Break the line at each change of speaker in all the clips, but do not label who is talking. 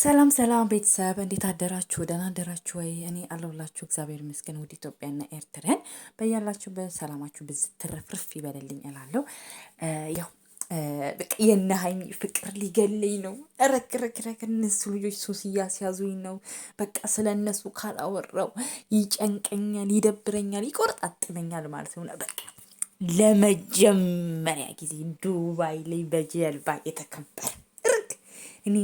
ሰላም ሰላም ቤተሰብ እንዴት አደራችሁ? ደህና አደራችሁ ወይ? እኔ አለሁላችሁ። እግዚአብሔር ይመስገን። ውድ ኢትዮጵያና ኤርትራን በያላችሁበት በሰላማችሁ ብዝ ትረፍርፍ ይበልልኝ እላለሁ። ያው በቃ የእነ ሀይሚ ፍቅር ሊገለኝ ነው። ረክረክረክ እነሱ ልጆች ሱስ እያስያዙኝ ነው። በቃ ስለ እነሱ ካላወራው ይጨንቀኛል፣ ይደብረኛል፣ ይቆርጣጥመኛል ማለት ነው። በቃ ለመጀመሪያ ጊዜ ዱባይ ላይ በጀልባ የተከበረ እኔ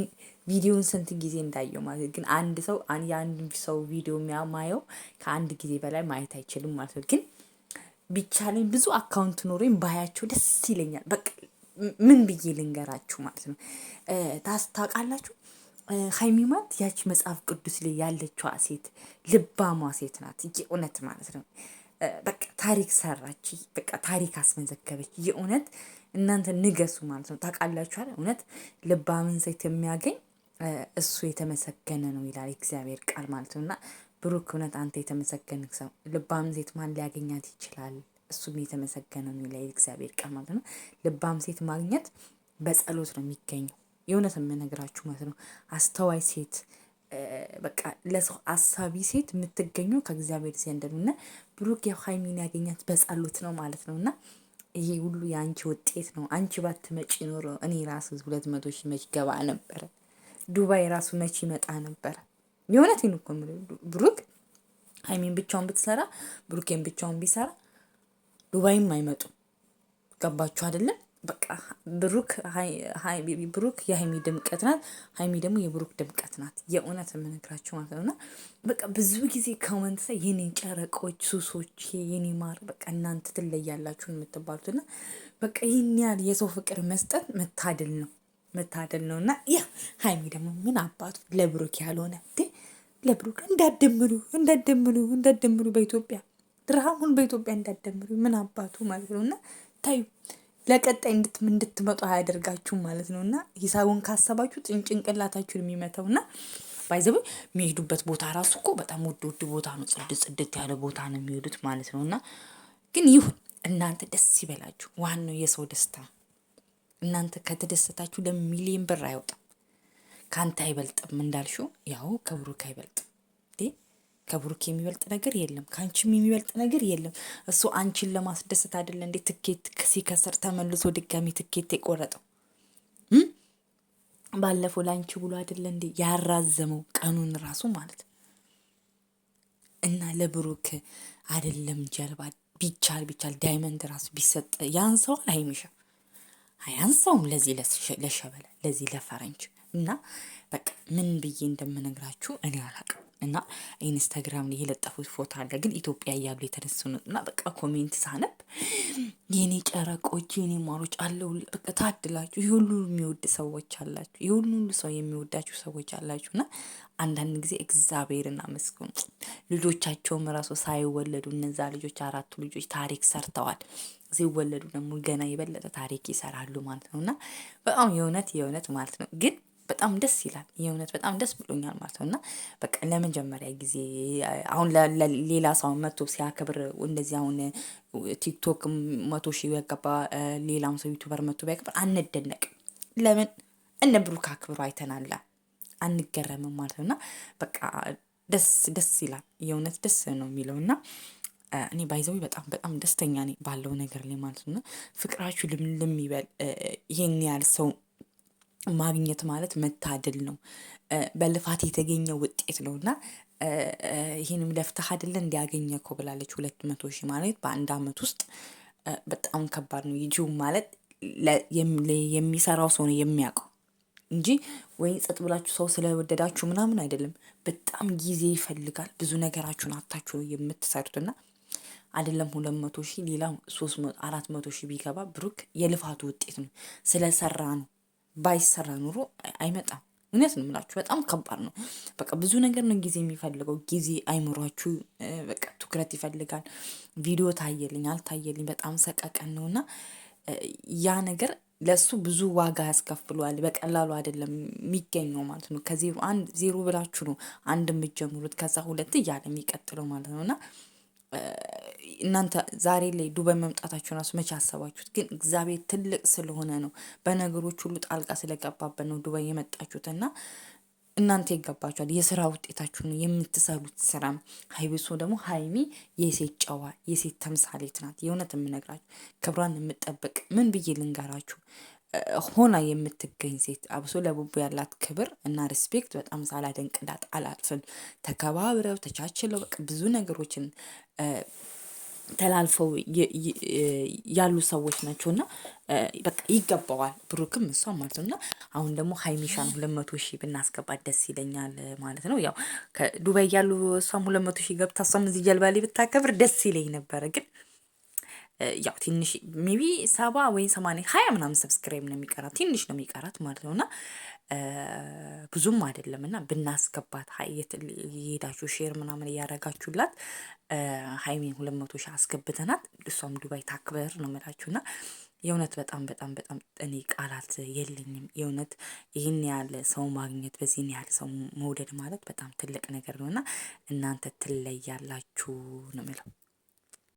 ቪዲዮን ስንት ጊዜ እንዳየው ማለት ግን አንድ ሰው የአንድ ሰው ቪዲዮ ማየው ከአንድ ጊዜ በላይ ማየት አይችልም ማለት ነው። ግን ቢቻለኝ ብዙ አካውንት ኖሮኝ ባያቸው ደስ ይለኛል። በቃ ምን ብዬ ልንገራችሁ ማለት ነው። ታስታውቃላችሁ ሀይሚማት ያች መጽሐፍ ቅዱስ ላይ ያለችዋ ሴት ልባሟ ሴት ናት። የእውነት ማለት ነው። በቃ ታሪክ ሰራች። በቃ ታሪክ አስመዘገበች። የእውነት እናንተ ንገሱ ማለት ነው። ታውቃላችኋል። እውነት ልባምን ሴት የሚያገኝ እሱ የተመሰገነ ነው ይላል እግዚአብሔር ቃል ማለት ነው። እና ብሩክ እውነት አንተ የተመሰገንክ ሰው፣ ልባም ሴት ማን ሊያገኛት ይችላል? እሱም የተመሰገነ ነው ይላል እግዚአብሔር ቃል ማለት ነው። ልባም ሴት ማግኘት በጸሎት ነው የሚገኘው። የእውነት የምነግራችሁ ማለት ነው። አስተዋይ ሴት በቃ ለሰው አሳቢ ሴት የምትገኘው ከእግዚአብሔር ዘንድ ነው እና ብሩክ የሀይሚን ያገኛት በጸሎት ነው ማለት ነው እና ይሄ ሁሉ የአንቺ ውጤት ነው። አንቺ ባትመጪ ኖሮ እኔ ራስ ሁለት መቶ ሺህ መች ገባ ነበረ። ዱባይ ራሱ መቼ ይመጣ ነበር? የእውነቴን እኮ የምልህ ብሩክ ሀይሚን ብቻውን ብትሰራ ብሩኬን ብቻውን ቢሰራ ዱባይም አይመጡም። ገባችሁ አይደለም? በቃ ብሩክ ብሩክ የሀይሚ ድምቀት ናት፣ ሀይሚ ደግሞ የብሩክ ድምቀት ናት። የእውነት የምነግራቸው ማለት ነው። እና በቃ ብዙ ጊዜ ከመንት ላይ የኔ ጨረቆች፣ ሱሶች፣ የኔ ማር በቃ እናንተ ትለያላችሁ የምትባሉት እና በቃ ይህን ያህል የሰው ፍቅር መስጠት መታደል ነው። መታደል ነው እና ያ ሀይሚ ደግሞ ምን አባቱ ለብሩክ ያልሆነ ለብሩክ እንዳደምሩ እንዳደምሩ እንዳደምሩ በኢትዮጵያ ድርሃሙን በኢትዮጵያ እንዳደምሩ ምን አባቱ ማለት ነው እና ታዩ ለቀጣይ እንድትመጡ አያደርጋችሁም ማለት ነው እና ሂሳቡን ካሰባችሁ ጭንጭንቅላታችሁን የሚመተው እና ባይዘብ የሚሄዱበት ቦታ ራሱ እኮ በጣም ውድ ውድ ቦታ ነው። ጽድ ጽድት ያለ ቦታ ነው የሚሄዱት ማለት ነው እና ግን ይሁን እናንተ ደስ ይበላችሁ። ዋናው የሰው ደስታ እናንተ ከተደሰታችሁ ለሚሊዮን ብር አይወጣም። ከአንተ አይበልጥም እንዳልሹ ያው ከብሩክ አይበልጥም ከብሩክ የሚበልጥ ነገር የለም። ከአንቺም የሚበልጥ ነገር የለም። እሱ አንቺን ለማስደሰት አይደለ እንዴ? ትኬት ሲከስር ተመልሶ ድጋሚ ትኬት የቆረጠው ባለፈው ለአንቺ ብሎ አይደለ እንዴ ያራዘመው ቀኑን ራሱ ማለት እና ለብሩክ አይደለም ጀልባ ቢቻል ቢቻል ዳይመንድ ራሱ ቢሰጥ ያንሰዋል ሰዋል አያንሳውም ለዚህ ለሸበለ ለዚህ ለፈረንጅ እና በቃ ምን ብዬ እንደምነግራችሁ እኔ አላቅም። እና ኢንስታግራም ላይ የለጠፉት ፎቶ አለ ግን ኢትዮጵያ እያሉ የተነሱ ነው። እና በቃ ኮሜንት ሳነ የኔ ጨረቆች የኔ ማሮች አለው። በቃ ታድላችሁ፣ የሁሉ የሚወድ ሰዎች አላችሁ፣ ይህ ሁሉ ሰው የሚወዳችሁ ሰዎች አላችሁ። እና አንዳንድ ጊዜ እግዚአብሔርን አመስግኑ። ልጆቻቸውም ራሱ ሳይወለዱ እነዛ ልጆች አራቱ ልጆች ታሪክ ሰርተዋል። ሲወለዱ ደግሞ ገና የበለጠ ታሪክ ይሰራሉ ማለት ነው እና በጣም የእውነት የእውነት ማለት ነው ግን በጣም ደስ ይላል። የእውነት በጣም ደስ ብሎኛል ማለት ነው እና በቃ ለመጀመሪያ ጊዜ አሁን ሌላ ሰው መቶ ሲያከብር እንደዚህ አሁን ቲክቶክ መቶ ሺህ ያገባ ሌላም ሰው ዩቱበር መቶ ቢያከብር አንደነቅም። ለምን እነ ብሩክ አክብሮ አይተናላ አንገረምም ማለት ነው እና በቃ ደስ ደስ ይላል። የእውነት ደስ ነው የሚለው እና እኔ ባይዘዊ በጣም በጣም ደስተኛ ነኝ ባለው ነገር ላይ ማለት ነው። ፍቅራችሁ ልምልም ይበል። ይህን ያህል ሰው ማግኘት ማለት መታደል ነው። በልፋት የተገኘ ውጤት ነው እና ይህንም ለፍተህ አይደለ እንዲያገኘ እኮ ብላለች። ሁለት መቶ ሺህ ማለት በአንድ አመት ውስጥ በጣም ከባድ ነው። ይጂው ማለት የሚሰራው ሰው ነው የሚያውቀው እንጂ ወይ ጸጥ ብላችሁ ሰው ስለወደዳችሁ ምናምን አይደለም። በጣም ጊዜ ይፈልጋል። ብዙ ነገራችሁን አታችሁ ነው የምትሰሩት እና አይደለም ሁለት መቶ ሺህ ሌላ ሶስት አራት መቶ ሺህ ቢገባ ብሩክ የልፋቱ ውጤት ነው ስለሰራ ነው ባይሰራ ኑሮ አይመጣም። እውነት ነው የምላችሁ፣ በጣም ከባድ ነው። በቃ ብዙ ነገር ነው ጊዜ የሚፈልገው። ጊዜ አይምሯችሁ በቃ ትኩረት ይፈልጋል። ቪዲዮ ታየልኝ አልታየልኝ በጣም ሰቀቀን ነው እና ያ ነገር ለእሱ ብዙ ዋጋ ያስከፍሏል በቀላሉ አይደለም የሚገኘው ማለት ነው። ከዜሮ አንድ ዜሮ ብላችሁ ነው አንድ የምትጀምሩት፣ ከዛ ሁለት እያለ የሚቀጥለው ማለት ነው እና እናንተ ዛሬ ላይ ዱባይ መምጣታችሁን ራሱ መቼ አሰባችሁት? ግን እግዚአብሔር ትልቅ ስለሆነ ነው። በነገሮች ሁሉ ጣልቃ ስለገባበት ነው ዱባይ የመጣችሁት እና እናንተ ይገባችኋል። የስራ ውጤታችሁ ነው የምትሰሩት ስራ። ሀይብሶ ደግሞ ሀይሚ የሴት ጨዋ የሴት ተምሳሌት ናት። የእውነት የምነግራችሁ ክብሯን የምጠብቅ ምን ብዬ ልንገራችሁ ሆና የምትገኝ ሴት አብሶ ለቡቡ ያላት ክብር እና ሪስፔክት በጣም ሳላደንቅላት አላልፍም። ተከባብረው ተቻችለው ብዙ ነገሮችን ተላልፈው ያሉ ሰዎች ናቸው እና በቃ ይገባዋል፣ ብሩክም እሷ ማለት ነው። እና አሁን ደግሞ ሀይሚሻን ሁለት መቶ ሺህ ብናስገባት ደስ ይለኛል ማለት ነው። ያው ከዱባይ ያሉ እሷም ሁለት መቶ ሺህ ገብታ እሷም እዚህ ጀልባ ላይ ብታከብር ደስ ይለኝ ነበረ ግን ያው ትንሽ ሜቢ ሰባ ወይ ሰማንያ ሀያ ምናምን ሰብስክራይብ ነው የሚቀራት ትንሽ ነው የሚቀራት ማለት ነው። እና ብዙም አይደለም እና ብናስገባት ሀየት የሄዳችሁ ሼር ምናምን እያረጋችሁላት ሀይሜን ሁለት መቶ ሺህ አስገብተናት እሷም ዱባይ ታክበር ነው የምላችሁ እና የእውነት በጣም በጣም በጣም እኔ ቃላት የለኝም። የእውነት ይህን ያለ ሰው ማግኘት በዚህን ያለ ሰው መውደድ ማለት በጣም ትልቅ ነገር ነው እና እናንተ ትለያላችሁ ነው የምለው።